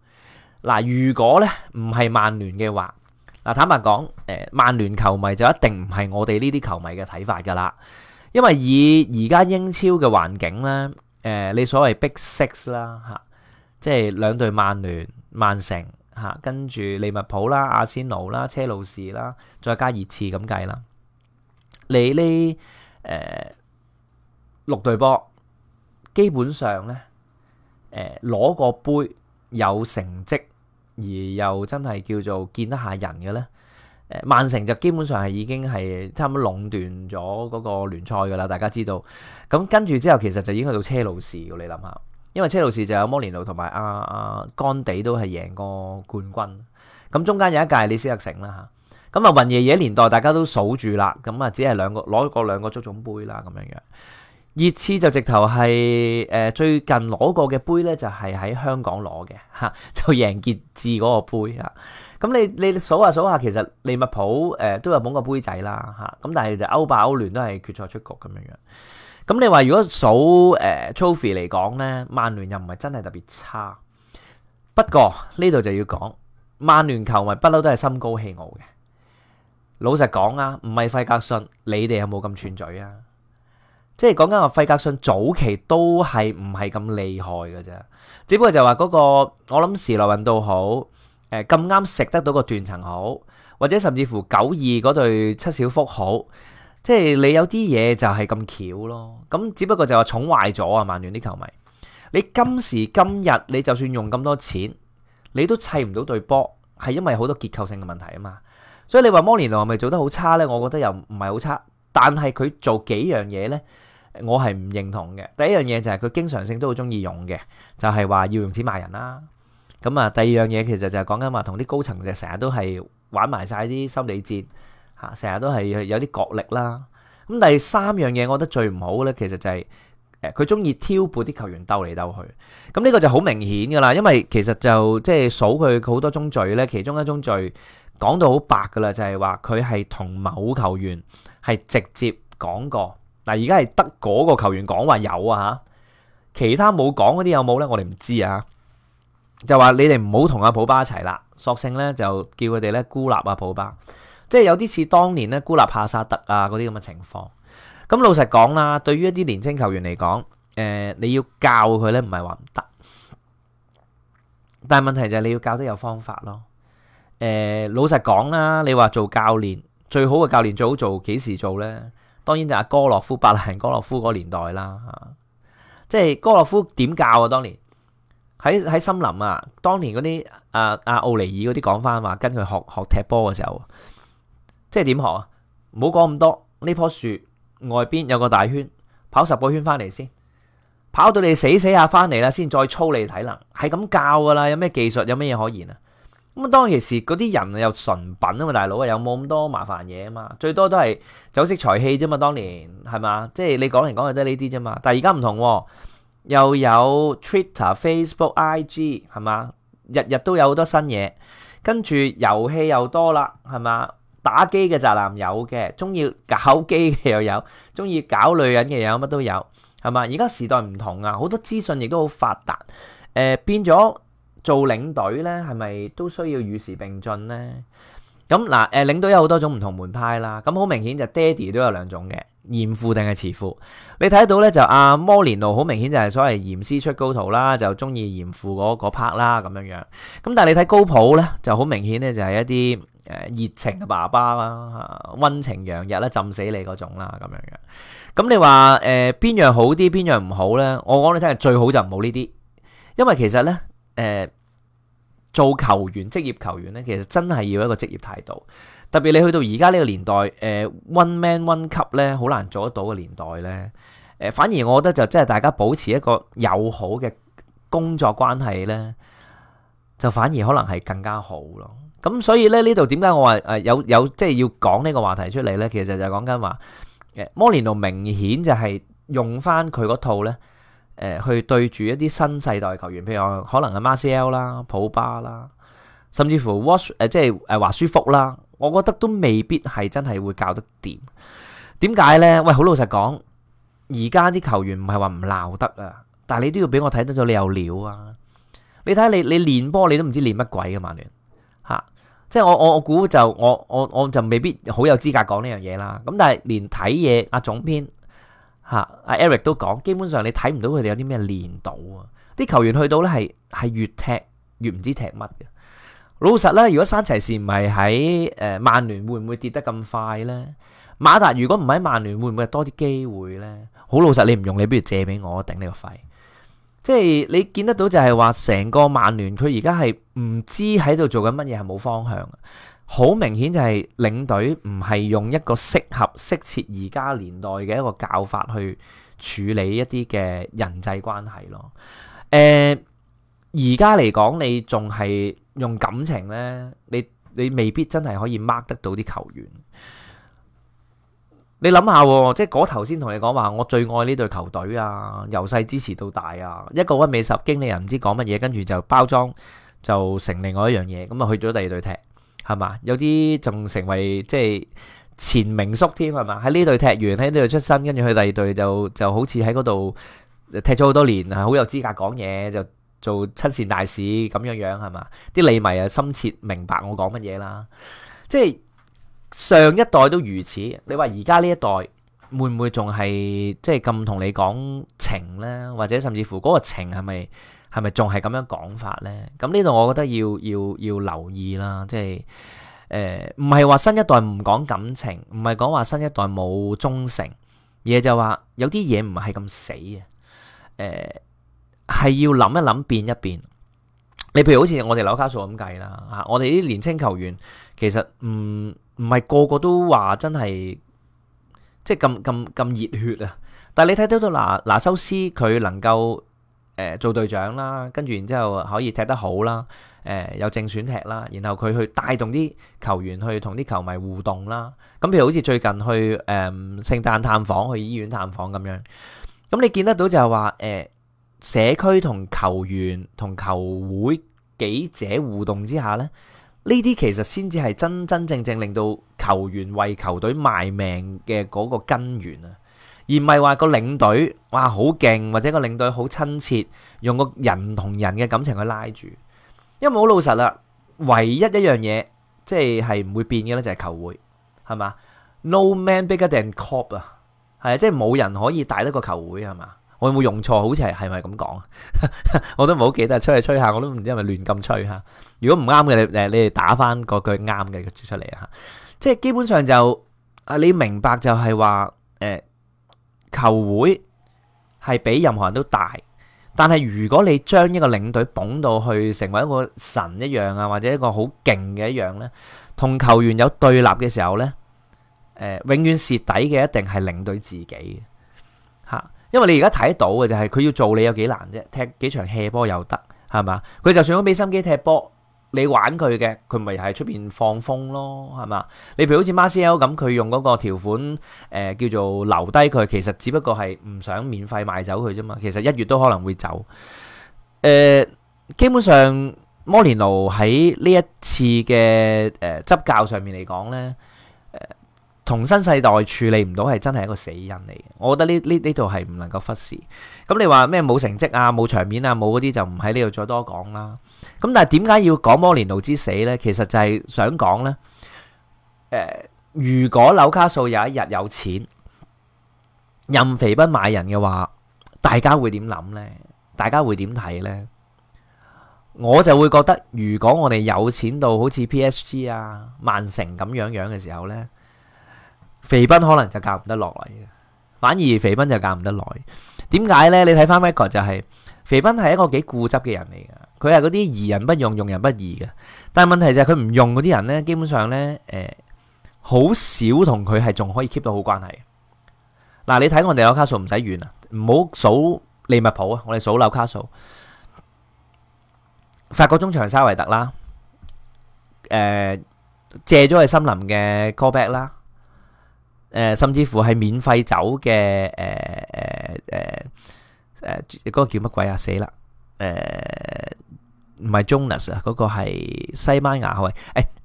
Speaker 1: 嗱。如果咧唔係曼聯嘅話嗱，坦白講誒，曼聯球迷就一定唔係我哋呢啲球迷嘅睇法噶啦。因為以而家英超嘅環境咧，誒，你所謂 big six 啦吓，即係兩隊曼聯。曼城嚇，啊、跟住利物浦啦、阿仙奴啦、車路士啦，再加熱刺咁計啦。你呢誒六隊波，基本上咧誒攞個杯有成績而又真係叫做見得下人嘅咧。誒、呃、曼城就基本上係已經係差唔多壟斷咗嗰個聯賽噶啦，大家知道。咁跟住之後，其實就已經去到車路士嘅，你諗下。因為車路士就有摩連奴同埋阿阿甘地都係贏過冠軍，咁中間有一屆李斯特城啦嚇，咁啊雲爺爺年代大家都數住啦，咁啊只係兩個攞過兩個足總杯啦咁、啊、樣樣，熱刺就直頭係誒最近攞過嘅杯咧就係、是、喺香港攞嘅嚇，就贏傑志嗰個杯啦，咁、啊、你你數下數下其實利物浦誒、呃、都有捧過杯仔啦嚇，咁、啊、但係就歐霸歐聯都係決賽出局咁、啊、樣樣。咁你話如果數誒，Trophy 嚟講呢，曼聯又唔係真係特別差。不過呢度就要講，曼聯球迷不嬲都係心高氣傲嘅。老實講啊，唔係費格遜，你哋有冇咁串嘴啊？即係講緊話費格遜早期都係唔係咁厲害噶啫，只不過就話嗰個我諗時來運到好，咁啱食得到個斷層好，或者甚至乎九二嗰對七小福好。即係你有啲嘢就係咁巧咯，咁只不過就話寵壞咗啊！曼聯啲球迷，你今時今日你就算用咁多錢，你都砌唔到隊波，係因為好多結構性嘅問題啊嘛。所以你話摩連奴係咪做得好差呢？我覺得又唔係好差，但係佢做幾樣嘢呢，我係唔認同嘅。第一樣嘢就係佢經常性都好中意用嘅，就係、是、話要用錢買人啦。咁啊，第二樣嘢其實就係講緊話同啲高層就成日都係玩埋晒啲心理戰。啊，成日都係有啲角力啦。咁第三樣嘢，我覺得最唔好咧，其實就係誒佢中意挑撥啲球員鬥嚟鬥去。咁呢個就好明顯噶啦，因為其實就即係數佢好多宗罪咧，其中一宗罪講到好白噶啦，就係話佢係同某球員係直接講過。嗱，而家係得嗰個球員講話有啊嚇，其他冇講嗰啲有冇咧？我哋唔知啊。就話你哋唔好同阿普巴一齊啦，索性咧就叫佢哋咧孤立阿普巴。即係有啲似當年咧，孤立帕薩特啊嗰啲咁嘅情況。咁老實講啦，對於一啲年青球員嚟講，誒、呃、你要教佢咧，唔係話唔得，但係問題就係你要教得有方法咯。誒、呃、老實講啦，你話做教練最好嘅教練最好做幾時做咧？當然就阿哥洛夫、伯蘭哥洛夫嗰年代啦。嚇、啊，即係哥洛夫點教啊？當年喺喺森林啊，當年嗰啲阿阿奧尼爾嗰啲講翻話說跟，跟佢學學踢波嘅時候。即係點學啊？唔好講咁多。呢棵樹外邊有個大圈，跑十個圈翻嚟先，跑到你死死下翻嚟啦，先再操你體能，係咁教噶啦。有咩技術？有咩嘢可言啊？咁啊，當其時嗰啲人又純品啊嘛，大佬啊，又冇咁多麻煩嘢啊嘛，最多都係酒色財氣啫嘛。當年係嘛？即係你講嚟講去都係呢啲啫嘛。但係而家唔同，又有 Twitter、Facebook、IG 係嘛，日日都有好多新嘢，跟住遊戲又多啦，係嘛？打機嘅宅男有嘅，中意搞機嘅又有，中意搞女人嘅又有，乜都有，係嘛？而家時代唔同啊，好多資訊亦都好發達，誒變咗做領隊咧，係咪都需要與時並進咧？咁嗱誒，領隊有好多種唔同門派啦，咁好明顯就爹哋都有兩種嘅，嚴父定係慈父。你睇到咧就阿摩連奴好明顯就係所謂嚴師出高徒啦，就中意嚴父嗰嗰 part 啦咁樣樣。咁但係你睇高普咧就好明顯咧就係一啲。誒，熱情嘅爸爸啦，吓溫情洋溢咧，浸死你嗰種啦，咁樣嘅。咁、嗯、你話誒邊樣好啲，邊樣唔好呢？我講你聽，最好就唔好呢啲，因為其實呢，誒、呃、做球員，職業球員呢，其實真係要一個職業態度。特別你去到而家呢個年代，誒、呃、one man one cup 呢，好難做得到嘅年代呢、呃。反而我覺得就真係大家保持一個友好嘅工作關係呢，就反而可能係更加好咯。咁所以咧，呢度點解我話誒有有即係要講呢個話題出嚟咧？其實就係講緊話誒，摩連奴明顯就係用翻佢嗰套咧誒、呃，去對住一啲新世代球員，譬如可能阿馬西爾啦、普巴啦，甚至乎沃、呃、即係誒華舒福啦，我覺得都未必係真係會搞得掂。點解咧？喂，好老實講，而家啲球員唔係話唔鬧得啊，但係你都要俾我睇得到你有料啊！你睇下你你練波你都唔知練乜鬼嘅曼聯。即係我我我估就我我我就未必好有資格講呢樣嘢啦。咁但係連睇嘢阿總編吓阿 Eric 都講，基本上你睇唔到佢哋有啲咩練到啊？啲球員去到咧，係係越踢越唔知踢乜嘅。老實啦，如果山齊士唔係喺誒曼聯，會唔會跌得咁快咧？馬達如果唔喺曼聯，會唔會多啲機會咧？好老實你，你唔用你，不如借俾我頂你個肺。即係你見得到就係話成個曼聯佢而家係唔知喺度做緊乜嘢係冇方向，好明顯就係領隊唔係用一個適合適切而家年代嘅一個教法去處理一啲嘅人際關係咯。誒、呃，而家嚟講你仲係用感情呢，你你未必真係可以 mark 得到啲球員。你諗下喎，即係嗰頭先同你講話，我最愛呢隊球隊啊，由細支持到大啊，一個溫美十經理人唔知講乜嘢，跟住就包裝就成另外一樣嘢，咁啊去咗第二隊踢係嘛？有啲仲成為即係前名宿添係嘛？喺呢隊踢完喺呢度出身，跟住去第二隊就就好似喺嗰度踢咗好多年啊，好有資格講嘢就做親善大使咁樣樣係嘛？啲利迷啊深切明白我講乜嘢啦，即係。上一代都如此，你話而家呢一代會唔會仲係即係咁同你講情呢，或者甚至乎嗰個情係咪係咪仲係咁樣講法呢？咁呢度我覺得要要要留意啦，即係誒，唔係話新一代唔講感情，唔係講話新一代冇忠誠，而就話有啲嘢唔係咁死啊，誒、呃，係要諗一諗變一變。你譬如好似我哋紐卡素咁計啦，吓、啊，我哋啲年青球員其實嗯。唔係個個都話真係即係咁咁咁熱血啊！但係你睇到到拿拿修斯佢能夠誒、呃、做隊長啦，跟住然之後可以踢得好啦，誒、呃、有正選踢啦，然後佢去帶動啲球員去同啲球迷互動啦。咁、嗯、譬如好似最近去誒聖、呃、誕探訪，去醫院探訪咁樣。咁、嗯、你見得到就係話誒社區同球員同球會幾者，互動之下咧。呢啲其實先至係真真正正令到球員為球隊賣命嘅嗰個根源啊，而唔係話個領隊哇好勁，或者個領隊好親切，用個人同人嘅感情去拉住。因為好老實啦，唯一一樣嘢即係係唔會變嘅咧，就係球會係嘛。No man bigger than cop 啊，係啊，即係冇人可以大得過球會係嘛。我有冇用錯？好似係係咪咁講啊？係係。 我都唔好記得出去吹嚟吹下，我都唔知係咪亂咁吹嚇。如果唔啱嘅，誒你哋打翻個句啱嘅出嚟啊！即、就、係、係、基本上就啊，你明白就係話誒球會係比任何人都大，但係如果你將一個領隊捧到去成為一個神一樣啊，或者一個好勁嘅一樣咧，同球員有對立嘅時候咧，誒、呃、永遠蝕底嘅一定係領隊自己嚇。因為你而家睇到嘅就係佢要做你有幾難啫，踢幾場 hea 波又得，係嘛？佢就算好俾心機踢波，你玩佢嘅，佢咪係出邊放風咯，係嘛？你譬如好似馬斯 L 咁，佢用嗰個條款，誒叫做留低佢，其實只不過係唔想免費賣走佢啫嘛。其實一月都可能會走。誒，基本上摩連奴喺呢一次嘅誒執教上面嚟講呢，同新世代處理唔到，係真係一個死因嚟。我覺得呢呢呢度係唔能夠忽視。咁你話咩冇成績啊，冇場面啊，冇嗰啲就唔喺呢度再多講啦。咁但係點解要講摩連奴之死呢？其實就係想講呢：誒、呃，如果紐卡素有一日有錢任肥不買人嘅話，大家會點諗呢？大家會點睇呢？我就會覺得，如果我哋有錢到好似 PSG 啊、曼城咁樣樣嘅時候呢。肥斌可能就教唔得落嚟嘅，反而肥斌就教唔得耐。點解咧？你睇翻威哥就係肥斌係一個幾固執嘅人嚟嘅，佢係嗰啲疑人不用，用人不疑嘅。但係問題就係佢唔用嗰啲人咧，基本上咧，誒好少同佢係仲可以 keep 到好關係。嗱，你睇我哋紐卡素唔使遠啊，唔好數利物浦啊，我哋數紐卡素，法國中場沙維特啦，誒借咗去森林嘅 call back 啦。誒、呃，甚至乎係免費走嘅，誒誒誒誒，嗰、呃呃呃呃，那個叫乜鬼啊？死啦！誒、呃，唔係 Jonas 啊，嗰個係西班牙喂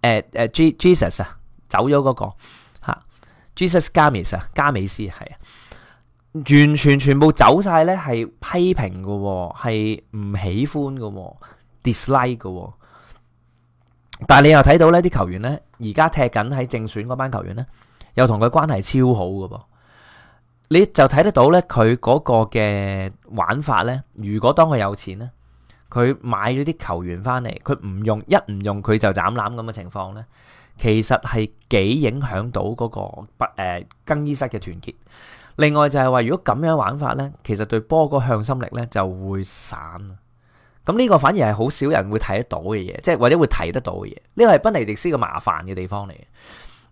Speaker 1: 誒誒誒，J Jesus，那個、啊，走咗嗰個吓，Jesus Gamis 啊，加美斯係啊，完全全部走晒咧，係批評嘅，係唔喜歡嘅，dislike 嘅。但係你又睇到呢啲球員咧，而家踢緊喺正選嗰班球員咧。又同佢關係超好嘅噃，你就睇得到咧，佢嗰個嘅玩法咧。如果當佢有錢咧，佢買咗啲球員返嚟，佢唔用一唔用，佢就斬攬咁嘅情況咧，其實係幾影響到嗰、那個不誒、呃、更衣室嘅團結。另外就係、是、話，如果咁樣玩法咧，其實對波個向心力咧就會散。咁呢個反而係好少人會睇得到嘅嘢，即係或者會睇得到嘅嘢。呢個係賓尼迪斯嘅麻煩嘅地方嚟。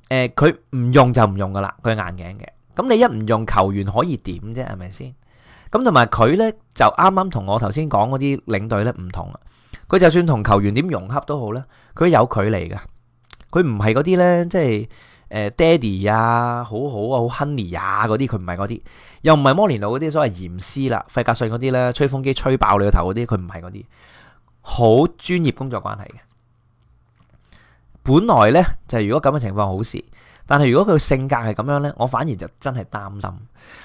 Speaker 1: 誒，佢唔、呃、用就唔用噶啦，佢係硬頸嘅。咁你一唔用，球員可以點啫？係咪先？咁同埋佢咧，就啱啱同我頭先講嗰啲領隊咧唔同啦。佢就算同球員點融洽都好啦，佢有距離嘅。佢唔係嗰啲咧，即係誒爹哋啊，好好，好啊，好 honey 呀嗰啲，佢唔係嗰啲。又唔係摩連奴嗰啲所謂嚴師啦，費格遜嗰啲咧，吹風機吹爆你個頭嗰啲，佢唔係嗰啲。好專業工作關係嘅。本來呢，就係如果咁嘅情況好事，但係如果佢性格係咁樣呢，我反而就真係擔心。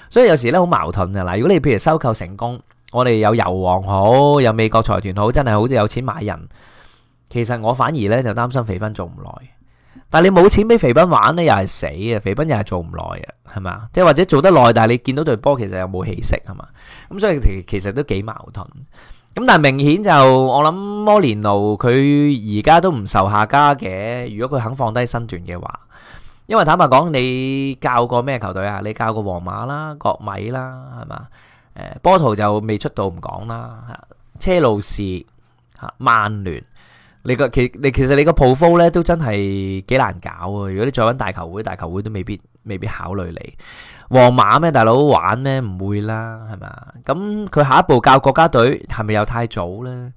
Speaker 1: 所以有時咧好矛盾㗎喇，如果你譬如收購成功，我哋有油王好，有美國財團好，真係好似有錢買人。其實我反而呢就擔心肥斌做唔耐，但係你冇錢俾肥斌玩咧又係死嘅，肥斌又係做唔耐嘅，係嘛？即係或者做得耐，但係你見到對波其實又冇起色，係嘛？咁所以其其實都幾矛盾。咁但係明顯就我諗摩連奴佢而家都唔愁下家嘅，如果佢肯放低身段嘅話，因為坦白講你教過咩球隊啊？你教過皇馬啦、國米啦，係嘛？誒，波圖就未出道唔講啦，車路士吓曼聯，你個其你其實你個浦夫咧都真係幾難搞喎。如果你再揾大球會，大球會都未必未必考慮你。皇馬咩大佬玩咩唔會啦，係咪？咁佢下一步教國家隊係咪又太早呢？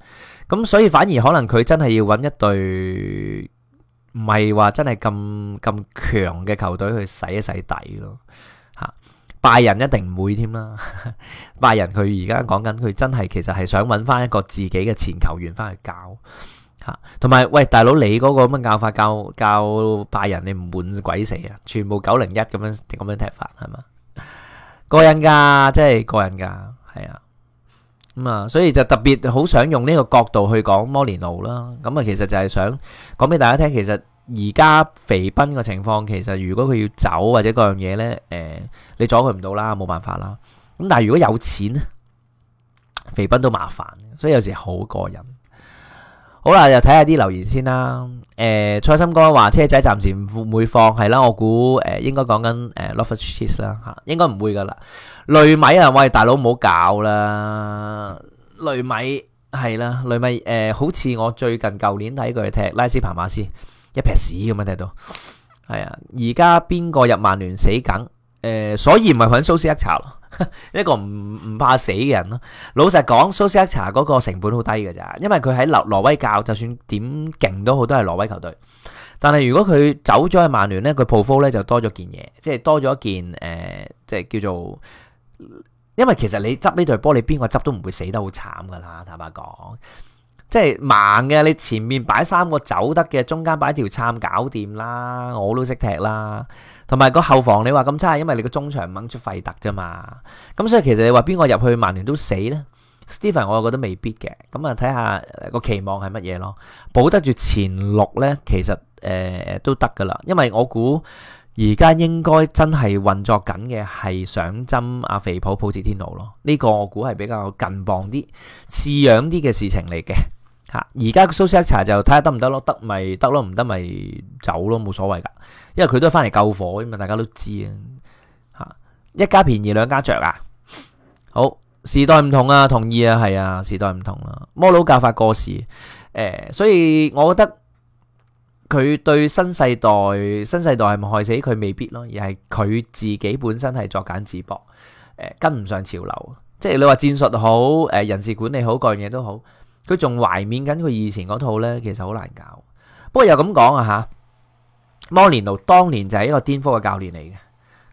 Speaker 1: 咁所以反而可能佢真係要揾一隊唔係話真係咁咁強嘅球隊去洗一洗底咯嚇。拜仁一定唔會添啦， 拜仁佢而家講緊佢真係其實係想揾翻一個自己嘅前球員翻去教。吓，同埋喂，大佬你嗰個咁樣教法教教拜仁，你唔滿鬼死啊！全部九零一咁樣咁樣踢法係嘛，過癮噶，真係過癮噶，係啊，咁啊，所以就特別好想用呢個角度去講摩連奴啦。咁啊，其實就係想講俾大家聽，其實而家肥斌嘅情況，其實如果佢要走或者各樣嘢咧，誒，你阻佢唔到啦，冇辦法啦。咁但係如果有錢咧，肥斌都麻煩，所以有時好過癮。好啦，又睇下啲留言先啦。誒、呃，蔡心哥話車仔暫時唔會放係啦、啊。我估誒應該講緊誒 Loftus-Cheek 啦嚇，應該唔會噶啦。雷米啊，喂，大佬唔好搞啦。雷米係啦，雷米誒、呃、好似我最近舊年睇佢踢拉斯帕馬斯一撇屎咁樣，踢到係啊。而家邊個入曼聯死梗誒、呃？所以唔係揾蘇斯一查， 一個唔唔怕死嘅人咯，老實講，蘇斯克查嗰個成本好低㗎咋，因為佢喺挪挪威教，就算點勁都好，都係挪威球隊。但係如果佢走咗去曼聯呢，佢 profile 就多咗件嘢，即係多咗件誒、呃，即係叫做，因為其實你執呢隊波，你邊個執都唔會死得好慘噶啦，坦白講。即係盲嘅，你前面擺三個走得嘅，中間擺條鏟搞掂啦，我都識踢啦。同埋個後防你話咁差，因為你個中場掹出費特啫嘛。咁所以其實你話邊個入去曼聯都死呢 Steven 我又覺得未必嘅。咁啊睇下個期望係乜嘢咯，保得住前六呢，其實誒、呃、都得噶啦。因為我估而家應該真係運作緊嘅係想針阿肥普普治天奴咯，呢、這個我估係比較近磅啲、似樣啲嘅事情嚟嘅。吓，而家蘇斯克查就睇下得唔得咯，得咪得咯，唔得咪走咯，冇所謂噶，因為佢都係翻嚟救火，咁啊大家都知啊。吓，一家便宜兩家着啊。好，時代唔同啊，同意啊，係啊，啊，啊，時代唔同啦，啊。摩佬教法過時，誒、呃，所以我覺得佢對新世代，新世代係咪害死佢未必咯，而係佢自己本身係作繭自縛，誒、呃，跟唔上潮流，即係你話戰術好，誒、呃，人事管理好，各樣嘢都好。佢仲懷念緊佢以前嗰套呢，其實好難搞。不過又咁講啊嚇，摩連奴當年就係一個顛覆嘅教練嚟嘅。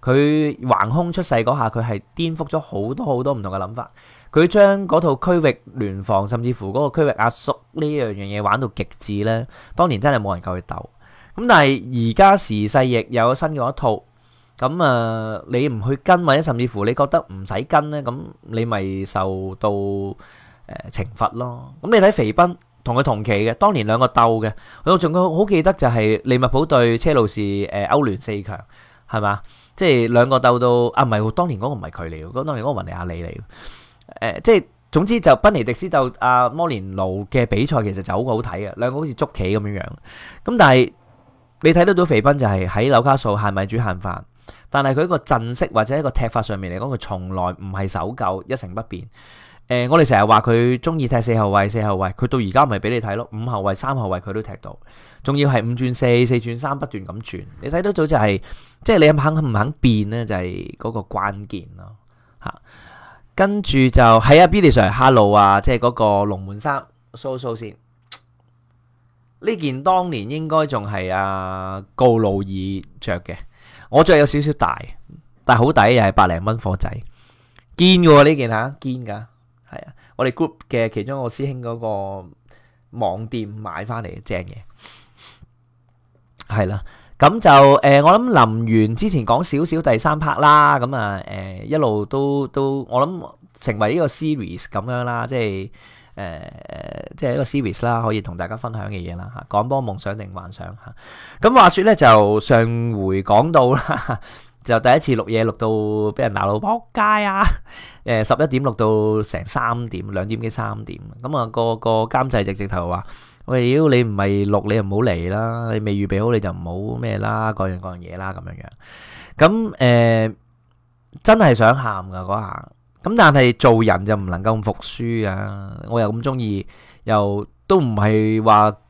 Speaker 1: 佢橫空出世嗰下，佢係顛覆咗好多好多唔同嘅諗法。佢將嗰套區域聯防，甚至乎嗰個區域壓縮呢樣樣嘢玩到極致呢，當年真係冇人夠佢鬥。咁但係而家時勢亦有新嘅一套。咁啊、呃，你唔去跟或者甚至乎你覺得唔使跟呢，咁你咪受到。誒懲罰咯，咁你睇肥賓同佢同期嘅，當年兩個鬥嘅，佢仲好記得就係利物浦對車路士誒、呃、歐聯四強，係嘛？即係兩個鬥到啊，唔係，當年嗰個唔係佢嚟嘅，嗰當年嗰個雲尼亞利嚟嘅、呃。即係總之就賓尼迪斯鬥阿、啊、摩連奴嘅比賽，其實就好好睇嘅，兩個好似捉棋咁樣樣。咁但係你睇得到肥賓就係喺紐卡素限米煮限飯，但係佢一個陣式或者一個踢法上面嚟講，佢從來唔係守舊一成不變。誒、呃，我哋成日話佢中意踢四後衛，四後衛佢到而家咪俾你睇咯。五後衛、三後衛佢都踢到，仲要係五轉四、四轉三，不斷咁轉。你睇到咗就係、是，即係你肯唔肯變呢，就係、是、嗰個關鍵咯吓、啊。跟住就喺啊 Billy Sir Hello 啊，即係嗰個龍門衫 show show 先。呢件當年應該仲係啊，高路爾着嘅，我着有少少大，但係好抵又係百零蚊貨仔，堅噶，呢件吓，堅噶。我哋 group 嘅其中一個師兄嗰個網店買翻嚟，嘅正嘢，係啦。咁就誒、呃，我諗臨完之前講少少第三 part 啦。咁啊誒，一路都都，我諗成為呢個 series 咁樣啦，即係誒、呃、即係一個 series 啦，可以同大家分享嘅嘢啦嚇。講波夢想定幻想嚇？咁話説咧，就上回講到啦。 就第一次錄嘢錄到俾人鬧到仆街啊！誒十一點錄到成三點兩點幾三點，咁啊個個監製直直頭話，喂，妖，你唔係錄你又唔好嚟啦，你未預備好你就唔好咩啦，各樣各樣嘢啦咁樣樣。咁誒真係想喊噶嗰下，咁但係做人就唔能夠咁服輸啊，我又咁中意，又都唔係話。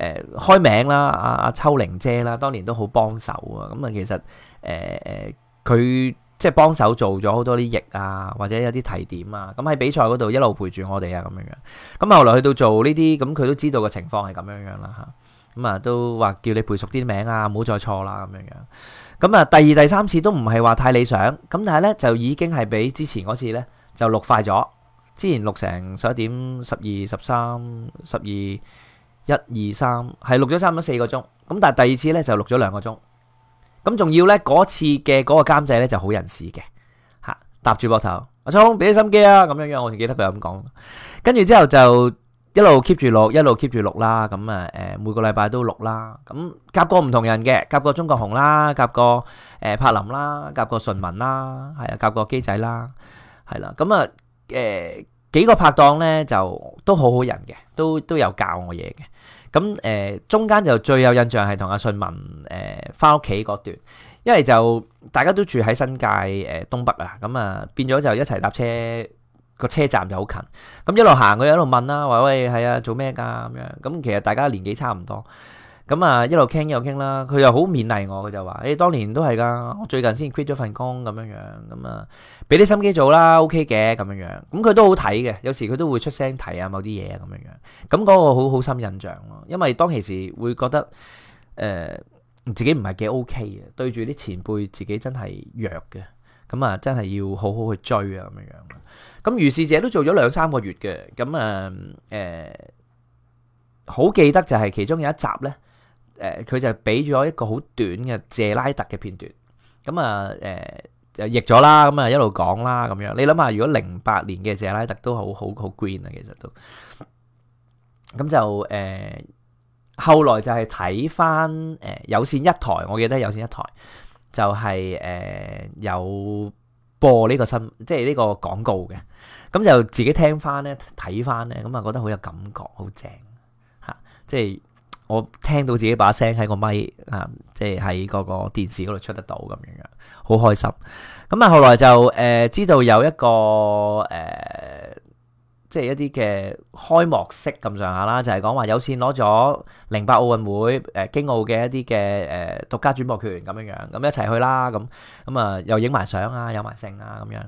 Speaker 1: 誒、呃、開名啦，阿、啊、阿秋玲姐啦、啊，當年都好幫手啊。咁啊，其實誒誒，佢、呃呃、即係幫手做咗好多啲譯啊，或者有啲提點啊。咁、嗯、喺比賽嗰度一路陪住我哋啊，咁樣樣。咁後來去到做呢啲，咁佢都知道個情況係咁樣樣啦吓，咁啊，嗯、都話叫你背熟啲名啊，唔好再錯啦咁樣樣。咁、嗯、啊，第二第三次都唔係話太理想，咁但係咧就已經係比之前嗰次咧就錄快咗。之前錄成十一點十二十三十二。一二三，係錄咗差唔多四個鐘，咁但係第二次咧就錄咗兩個鐘，咁仲要咧嗰次嘅嗰個監製咧就好人士嘅，吓搭住膊頭，阿聰俾啲心機啊，咁樣樣，我仲記得佢咁講，跟住之後就一路 keep 住錄，一路 keep 住錄啦，咁啊，誒，每個禮拜都錄啦，咁夾過唔同人嘅，夾過中國紅啦，夾過誒柏林啦，夾過順文啦，係啊，夾過機仔啦，係啦，咁啊，誒。幾個拍檔咧就都好好人嘅，都都有教我嘢嘅。咁誒、呃、中間就最有印象係同阿信文誒翻屋企嗰段，因為就大家都住喺新界誒、呃、東北啊，咁啊變咗就一齊搭車，個車站就好近。咁一路行，佢一路問啦，喂，喂係啊做咩噶咁樣？咁其實大家年紀差唔多。咁啊，一路傾一路傾啦，佢又好勉勵我，佢就話：誒、欸，當年都係噶，我最近先 quit 咗份工咁樣樣，咁啊，俾啲心機做啦，OK 嘅咁樣樣。咁佢、OK、都好睇嘅，有時佢都會出聲睇啊，某啲嘢啊咁樣樣。咁嗰、嗰個好好深印象咯，因為當其時會覺得誒、呃、自己唔係幾 OK 嘅，對住啲前輩自己真係弱嘅，咁啊，真係要好好去追啊咁樣樣。咁如是者都做咗兩三個月嘅，咁啊，誒、呃呃、好記得就係其中有一集咧。誒，佢就俾咗一個好短嘅謝拉特嘅片段，咁啊，誒就譯咗啦，咁啊一路講啦咁樣。你諗下，如果零八年嘅謝拉特都好好好 green 啊，其實都咁就誒，後來就係睇翻誒有線一台，我記得有線一台就係誒有播呢個新，即係呢個廣告嘅。咁就自己聽翻咧，睇翻咧，咁啊覺得好有感覺，好正嚇，即係。我聽到自己把聲喺個咪，啊，即係喺嗰個電視嗰度出得到咁樣樣，好開心。咁啊，後來就誒、呃、知道有一個誒。呃即係一啲嘅開幕式咁上下啦，就係講話有線攞咗零八奧運會誒京奧嘅一啲嘅誒獨家轉播權咁樣樣，咁一齊去啦咁咁啊，又影埋相啊，有埋剩啊咁樣。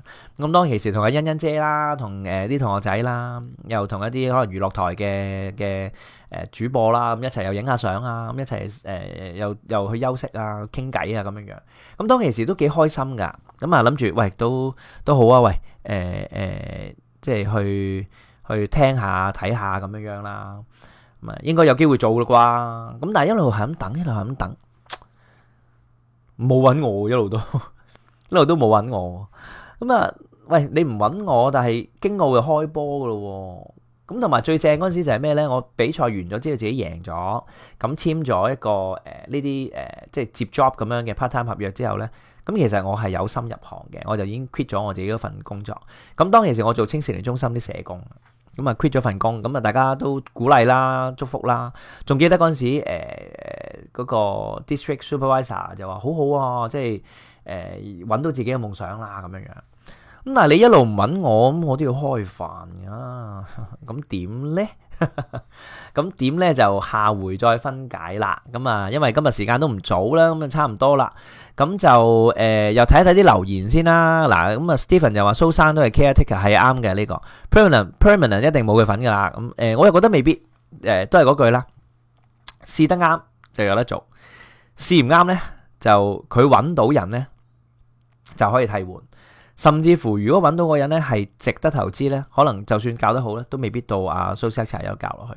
Speaker 1: 咁當其時同阿欣欣姐啦，同誒啲同學仔啦，又同一啲可能娛樂台嘅嘅誒主播啦，咁一齊又影下相啊，咁一齊誒又又去休息啊，傾偈啊咁樣樣。咁當其時都幾開心㗎，咁啊諗住喂都都好啊，喂誒誒。即係去去聽下睇下咁樣樣啦，咁啊應該有機會做咯啩。咁但係一路係咁等，一路係咁等，冇揾我一路都，一路都冇揾我。咁啊，喂，你唔揾我，但係京澳又開波噶咯。咁同埋最正嗰陣時就係咩咧？我比賽完咗之後自己贏咗，咁簽咗一個誒呢啲誒即係接 job 咁樣嘅 part time 合約之後咧。咁其實我係有心入行嘅，我就已經 quit 咗我自己嗰份工作。咁當其時我做青少年中心啲社工，咁啊 quit 咗份工，咁啊大家都鼓勵啦、祝福啦，仲記得嗰陣時誒嗰個 district supervisor 就話好好啊，即係誒揾到自己嘅夢想啦咁樣樣。咁但係你一路唔揾我，咁我都要開飯㗎，咁點咧？咁點咧就下回再分解啦。咁啊，因為今日時間都唔早啦，咁就差唔多啦。咁就誒，又睇一睇啲留言先啦。嗱，咁啊，Stephen 又話蘇生都係 caretaker 係啱嘅，呢個 permanent permanent 一定冇佢份噶啦。咁誒，我又覺得未必。誒，都係嗰句啦，試得啱就有得做，試唔啱咧就佢搵到人咧就可以替換。甚至乎，如果揾到個人咧，係值得投資咧，可能就算教得好咧，都未必到阿、啊、蘇斯克柴有教落去。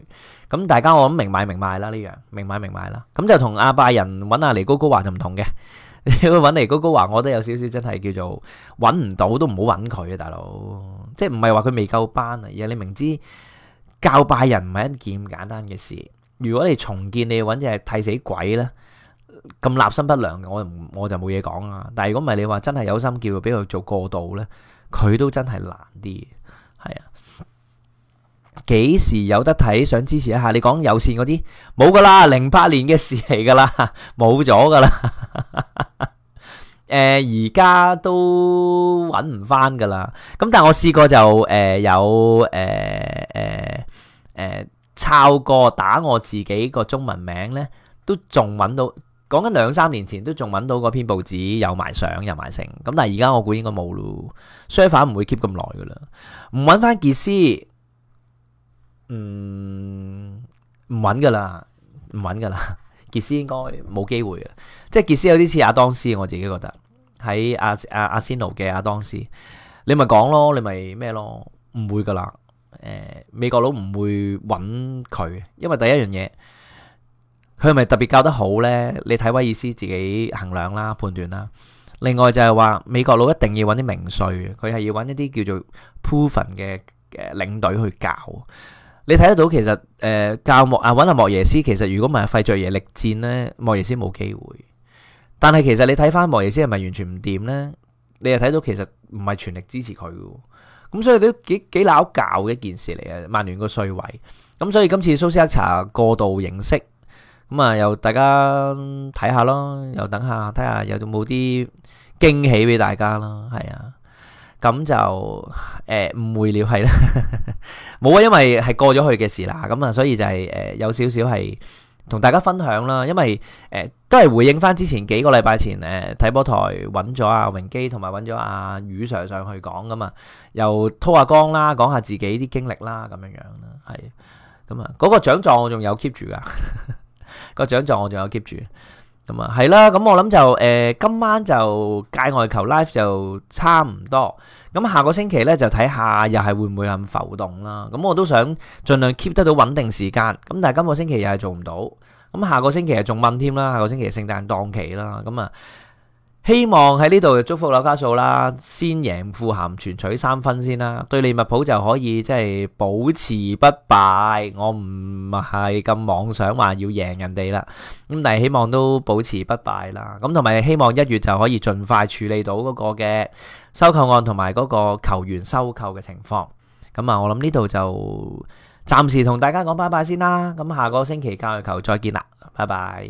Speaker 1: 咁、嗯、大家我諗明買明賣啦，呢樣明買明賣啦。咁、嗯、就同阿拜仁揾阿尼高高華就唔同嘅。你會揾尼高高華，我都有少少真係叫做揾唔到，都唔好揾佢啊，大佬。即係唔係話佢未夠班啊？而你明知教拜仁唔係一件咁簡單嘅事，如果你重建，你揾隻替死鬼咧。咁立心不良嘅，我唔我就冇嘢講啦。但係如果唔係你話真係有心叫佢，俾佢做過渡咧，佢都真係難啲，係啊。幾時有得睇？想支持一下。你講有線嗰啲冇噶啦，零八年嘅事嚟噶啦，冇咗噶啦。誒，而家都揾唔翻噶啦。咁但係我試過就誒有誒誒誒抄過打我自己個中文名咧，都仲揾到。講緊兩三年前都仲搵到嗰篇報紙，有埋相，有埋成。咁但係而家我估應該冇咯，相反唔會 keep 咁耐噶啦。唔搵返傑斯，嗯，唔搵噶啦，唔搵噶啦，傑斯應該冇機會呀。即係傑斯有啲似亞當斯，我自己覺得喺阿阿阿仙奴嘅亞當斯，你咪講咯，你咪咩咯，唔會噶啦。誒、呃，美國佬唔會搵佢，因為第一樣嘢。佢係咪特別教得好呢？你睇威爾斯自己衡量啦、判斷啦。另外就係話美國佬一定要揾啲名帥，佢係要揾一啲叫做 proven 嘅嘅領隊去教。你睇得到其實誒、呃、教莫啊揾阿莫耶斯，其實如果唔係費爵爺力戰呢，莫耶斯冇機會。但係其實你睇翻莫耶斯係咪完全唔掂呢？你又睇到其實唔係全力支持佢嘅。咁所以都幾幾鬧交嘅一件事嚟嘅，曼聯個帥位。咁所以今次蘇斯克查過度認識。咁啊、嗯，又大家睇下咯，又等下睇下有冇啲驚喜俾大家咯，係啊，咁就誒誤、呃、會了係啦，冇啊，因為係過咗去嘅事啦，咁、嗯、啊，所以就係、是、誒、呃、有少少係同大家分享啦，因為誒、呃、都係回應翻之前幾個禮拜前誒睇、呃、波台揾咗阿榮基同埋揾咗阿宇 sir 上去講噶嘛，又拖下光啦，講下自己啲經歷啦，咁樣樣啦，係、啊，咁啊嗰個獎狀我仲有 keep 住噶。呵呵個獎狀我仲有 keep 住，咁啊係啦，咁我諗就誒、呃、今晚就界外球 Live 就差唔多。咁下個星期咧就睇下又係會唔會咁浮動啦，咁我都想盡量 keep 得到穩定時間，咁但係今個星期又係做唔到，咁下個星期係仲問添啦，下個星期聖誕檔期啦，咁啊～希望喺呢度祝福紐卡素啦，先贏富咸全取三分先啦，對利物浦就可以即係保持不敗。我唔係咁妄想話要贏人哋啦，咁但係希望都保持不敗啦。咁同埋希望一月就可以盡快處理到嗰個嘅收購案同埋嗰個球員收購嘅情況。咁、嗯、啊，我諗呢度就暫時同大家講拜拜先啦。咁、嗯、下個星期教育球再見啦，拜拜。